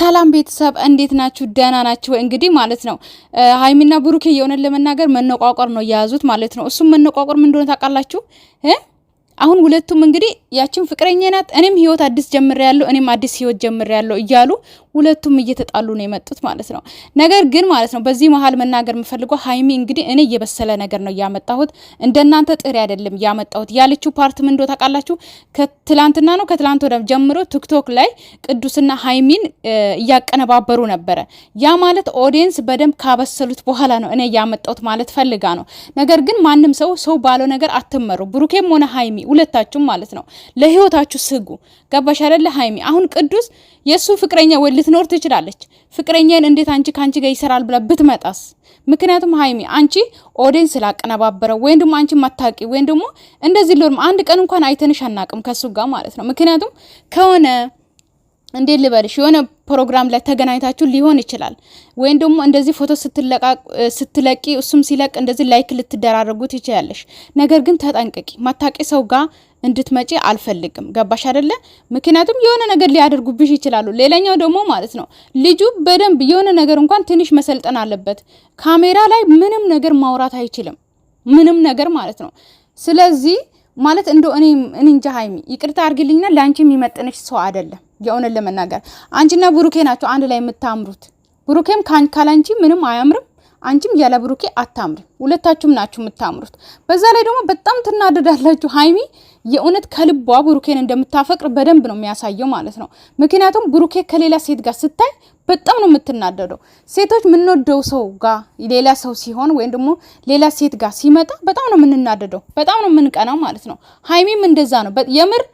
ሰላም ቤተሰብ እንዴት ናችሁ? ደህና ናችሁ? እንግዲህ ማለት ነው ሀይሚና ብሩኬ የሆነን ለመናገር መነቋቋር ነው የያዙት ማለት ነው። እሱም መነቋቋር ምን እንደሆነ ታውቃላችሁ? አሁን ሁለቱም እንግዲህ ያችን ፍቅረኛ ናት፣ እኔም ህይወት አዲስ ጀምሬ ያለው እኔም አዲስ ህይወት ጀምሬ ያለው እያሉ ሁለቱም እየተጣሉ ነው የመጡት ማለት ነው። ነገር ግን ማለት ነው በዚህ መሀል መናገር የምፈልገው ሀይሚ እንግዲህ እኔ እየበሰለ ነገር ነው ያመጣሁት፣ እንደናንተ ጥሪ አይደለም እያመጣሁት ያለችው ፓርት ምንዶ ታውቃላችሁ? ከትላንትና ነው ከትላንት ወደ ጀምሮ ቲክቶክ ላይ ቅዱስና ሀይሚን እያቀነባበሩ ነበረ። ያ ማለት ኦዲየንስ በደንብ ካበሰሉት በኋላ ነው እኔ እያመጣሁት ማለት ፈልጋ ነው። ነገር ግን ማንም ሰው ሰው ባለው ነገር አትመሩ። ብሩኬም ሆነ ሀይሚ ሁለታችሁም ማለት ነው። ለህይወታችሁ ስጉ። ገባሽ አይደለ ሀይሚ? አሁን ቅዱስ የእሱ ፍቅረኛ ወይ ልትኖር ትችላለች። ፍቅረኛን እንዴት አንቺ ከአንቺ ጋር ይሰራል ብለ ብትመጣስ? ምክንያቱም ሀይሚ አንቺ ኦዴን ስላቀነባበረው ወይም ደግሞ አንቺ ማታቂ ወይም ደግሞ እንደዚህ ሊሆን አንድ ቀን እንኳን አይተንሽ አናቅም ከሱ ጋር ማለት ነው። ምክንያቱም ከሆነ እንዴት ልበልሽ የሆነ ፕሮግራም ላይ ተገናኝታችሁ ሊሆን ይችላል። ወይም ደግሞ እንደዚህ ፎቶ ስትለቂ እሱም ሲለቅ እንደዚህ ላይክ ልትደራረጉ ትችላለሽ። ነገር ግን ተጠንቀቂ። ማታቂ ሰው ጋር እንድትመጪ አልፈልግም። ገባሽ አይደለ? ምክንያቱም የሆነ ነገር ሊያደርጉብሽ ይችላሉ። ሌላኛው ደግሞ ማለት ነው ልጁ በደንብ የሆነ ነገር እንኳን ትንሽ መሰልጠን አለበት። ካሜራ ላይ ምንም ነገር ማውራት አይችልም። ምንም ነገር ማለት ነው። ስለዚህ ማለት እንደው እኔ እንጃ ሀይሚ፣ ይቅርታ አድርግልኝና ለአንቺ የሚመጥንሽ ሰው አይደለም። የእውነት ለመናገር አንቺና ብሩኬ ናቸው አንድ ላይ የምታምሩት። ብሩኬም ካላንቺ ምንም አያምርም አንቺም ያለ ብሩኬ ሁለታችሁም ናችሁ የምታምሩት። በዛ ላይ ደግሞ በጣም ትናደዳላችሁ። ሀይሚ የእውነት ከልቧ ብሩኬን እንደምታፈቅር በደንብ ነው የሚያሳየው ማለት ነው። ምክንያቱም ብሩኬ ከሌላ ሴት ጋር ስታይ በጣም ነው የምትናደደው። ሴቶች የምንወደው ሰው ጋር ሌላ ሰው ሲሆን ወይም ደግሞ ሌላ ሴት ጋር ሲመጣ በጣም ነው የምንናደደው፣ በጣም ነው የምንቀናው ማለት ነው። ሀይሚም እንደዛ ነው የምር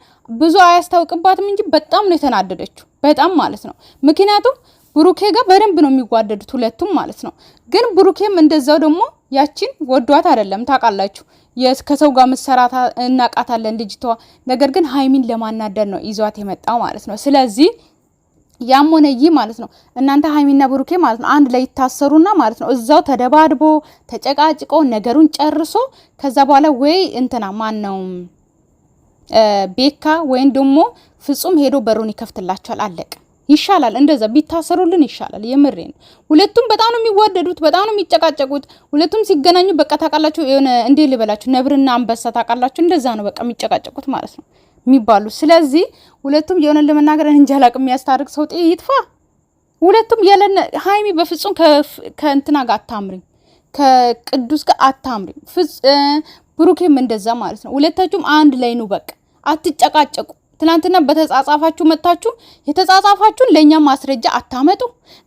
ብዙ አያስታውቅባትም እንጂ በጣም ነው የተናደደችው፣ በጣም ማለት ነው ምክንያቱም ብሩኬ ጋር በደንብ ነው የሚዋደዱት ሁለቱም ማለት ነው። ግን ብሩኬም እንደዛው ደግሞ ያቺን ወዷት አይደለም ታውቃላችሁ። ከሰው ጋር መሰራታ እናቃታለን ልጅቷ። ነገር ግን ሀይሚን ለማናደድ ነው ይዟት የመጣው ማለት ነው። ስለዚህ ያም ሆነ ይህ ማለት ነው እናንተ ሀይሚና ብሩኬ ማለት ነው አንድ ላይ ይታሰሩና ማለት ነው እዛው ተደባድቦ ተጨቃጭቆ ነገሩን ጨርሶ ከዛ በኋላ ወይ እንትና ማን ነው ቤካ ወይም ደግሞ ፍጹም ሄዶ በሩን ይከፍትላቸዋል። አለቅ ይሻላል እንደዛ ቢታሰሩልን ይሻላል። የምሬ ነው። ሁለቱም በጣም ነው የሚዋደዱት፣ በጣም ነው የሚጨቃጨቁት። ሁለቱም ሲገናኙ በቃ ታውቃላችሁ፣ የሆነ እንዴ ልበላችሁ፣ ነብርና አንበሳ ታውቃላችሁ፣ እንደዛ ነው በቃ የሚጨቃጨቁት ማለት ነው የሚባሉ። ስለዚህ ሁለቱም የሆነ ለመናገር እንጃ አላቅም። የሚያስታርቅ ሰው ይጥፋ። ሁለቱም የለነ ሀይሚ በፍጹም ከእንትና ጋር አታምሪም፣ ከቅዱስ ጋር አታምሪም። ብሩኬም እንደዛ ማለት ነው። ሁለታችሁም አንድ ላይ ነው በቃ አትጨቃጨቁ። ትናንትና በተጻጻፋችሁ መጥታችሁ የተጻጻፋችሁን ለእኛ ማስረጃ አታመጡ።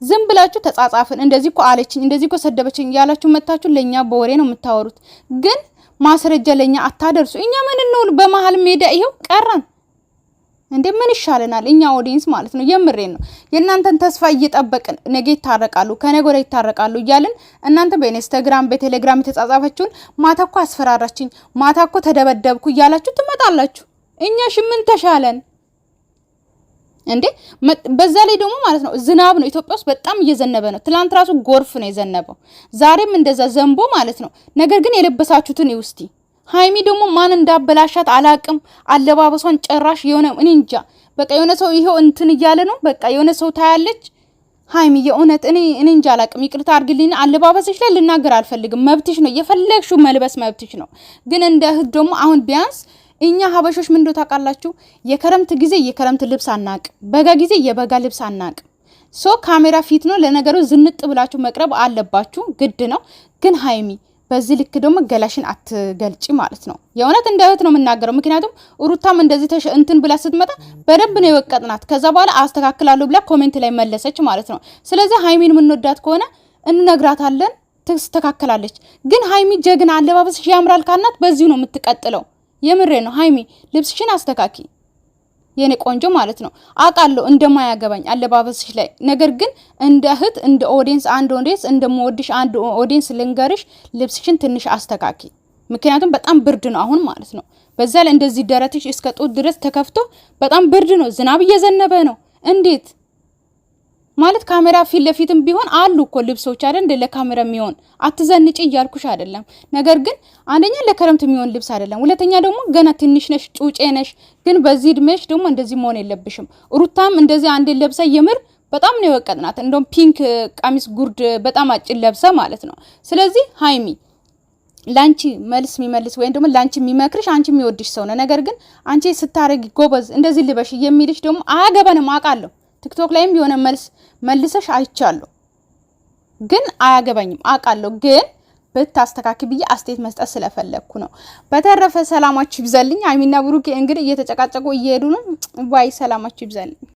ዝም ብላችሁ ተጻጻፍን፣ እንደዚህ እኮ አለችኝ፣ እንደዚህ እኮ ሰደበችኝ እያላችሁ መጥታችሁ ለእኛ በወሬ ነው የምታወሩት፣ ግን ማስረጃ ለእኛ አታደርሱ። እኛ ምን እንሆን? በመሀል ሜዳ ይኸው ቀረን እንዴ ምን ይሻለናል? እኛ ኦዲንስ ማለት ነው። የምሬን ነው። የእናንተን ተስፋ እየጠበቅን ነገ ይታረቃሉ፣ ከነገ ወዲያ ይታረቃሉ እያልን እናንተ በኢንስታግራም በቴሌግራም የተጻጻፈችውን ማታ እኮ አስፈራራችኝ፣ ማታ እኮ ተደበደብኩ እያላችሁ ትመጣላችሁ። እኛ ሽምን ተሻለን እንዴ? በዛ ላይ ደግሞ ማለት ነው ዝናብ ነው ኢትዮጵያ ውስጥ በጣም እየዘነበ ነው። ትላንት ራሱ ጎርፍ ነው የዘነበው፣ ዛሬም እንደዛ ዘንቦ ማለት ነው። ነገር ግን የለበሳችሁትን ውስቲ ሀይሚ ደግሞ ማን እንዳበላሻት አላቅም። አለባበሷን ጨራሽ የሆነ እኔ እንጃ። በቃ የሆነ ሰው ይኸው እንትን እያለ ነው። በቃ የሆነ ሰው ታያለች። ሀይሚ የእውነት እኔ እኔ እንጃ አላቅም። ይቅርታ አድርግልኝ። አለባበስሽ ላይ ልናገር አልፈልግም። መብትሽ ነው፣ የፈለግሽው መልበስ መብትሽ ነው። ግን እንደ እህት ደግሞ አሁን ቢያንስ እኛ ሀበሾች ምን ታውቃላችሁ፣ የከረምት ጊዜ የከረምት ልብስ አናቅ፣ በጋ ጊዜ የበጋ ልብስ አናቅ። ሶ ካሜራ ፊት ነው ለነገሩ፣ ዝንጥ ብላችሁ መቅረብ አለባችሁ፣ ግድ ነው። ግን ሀይሚ በዚህ ልክ ደግሞ ገላሽን አትገልጭ ማለት ነው። የእውነት እንደ እህት ነው የምናገረው። ምክንያቱም ሩታም እንደዚህ እንትን ብላ ስትመጣ በደንብ ነው የወቀጥናት። ከዛ በኋላ አስተካክላለሁ ብላ ኮሜንት ላይ መለሰች ማለት ነው። ስለዚህ ሀይሚን የምንወዳት ከሆነ እንነግራታለን፣ ትስተካከላለች። ግን ሀይሚ ጀግና፣ አለባበስሽ ያምራል ካናት በዚሁ ነው የምትቀጥለው። የምሬ ነው ሀይሚ፣ ልብስሽን አስተካኪ የኔ ቆንጆ ማለት ነው። አውቃለሁ እንደማያገባኝ አለባበስሽ ላይ ነገር ግን እንደ እህት እንደ ኦዲንስ አንድ ኦዲየንስ እንደምወድሽ አንድ ኦዲንስ ልንገርሽ፣ ልብስሽን ትንሽ አስተካኪ። ምክንያቱም በጣም ብርድ ነው አሁን ማለት ነው። በዛ ላይ እንደዚህ ደረትሽ እስከ ጡት ድረስ ተከፍቶ በጣም ብርድ ነው። ዝናብ እየዘነበ ነው። እንዴት ማለት ካሜራ ፊት ለፊትም ቢሆን አሉ እኮ ልብሶች አይደል እንደ ለካሜራ የሚሆን አትዘንጪ እያልኩሽ አይደለም። ነገር ግን አንደኛ ለክረምት የሚሆን ልብስ አይደለም። ሁለተኛ ደግሞ ገና ትንሽ ነሽ፣ ጩጬ ነሽ። ግን በዚህ እድሜሽ ደግሞ እንደዚህ መሆን የለብሽም። ሩታም እንደዚህ አንዴ ለብሳ የምር በጣም ነው የወቀጥናት። እንደውም ፒንክ ቀሚስ ጉርድ በጣም አጭር ለብሰ ማለት ነው። ስለዚህ ሀይሚ ላንቺ መልስ የሚመልስ ወይም ደግሞ ላንቺ የሚመክርሽ አንቺ የሚወድሽ ሰው ነው። ነገር ግን አንቺ ስታረጊ ጎበዝ እንደዚህ ልበሽ የሚልሽ ደግሞ አያገባንም አውቃለሁ ቲክቶክ ላይም የሆነ መልስ መልሰሽ አይቻለሁ፣ ግን አያገባኝም አውቃለሁ፣ ግን ብታስተካክ ብዬ አስተያየት መስጠት ስለፈለግኩ ነው። በተረፈ ሰላማችሁ ይብዛልኝ። ሀይሚና ብሩኬ እንግዲህ እየተጨቃጨቁ እየሄዱ ነው። ዋይ ሰላማችሁ ይብዛልኝ።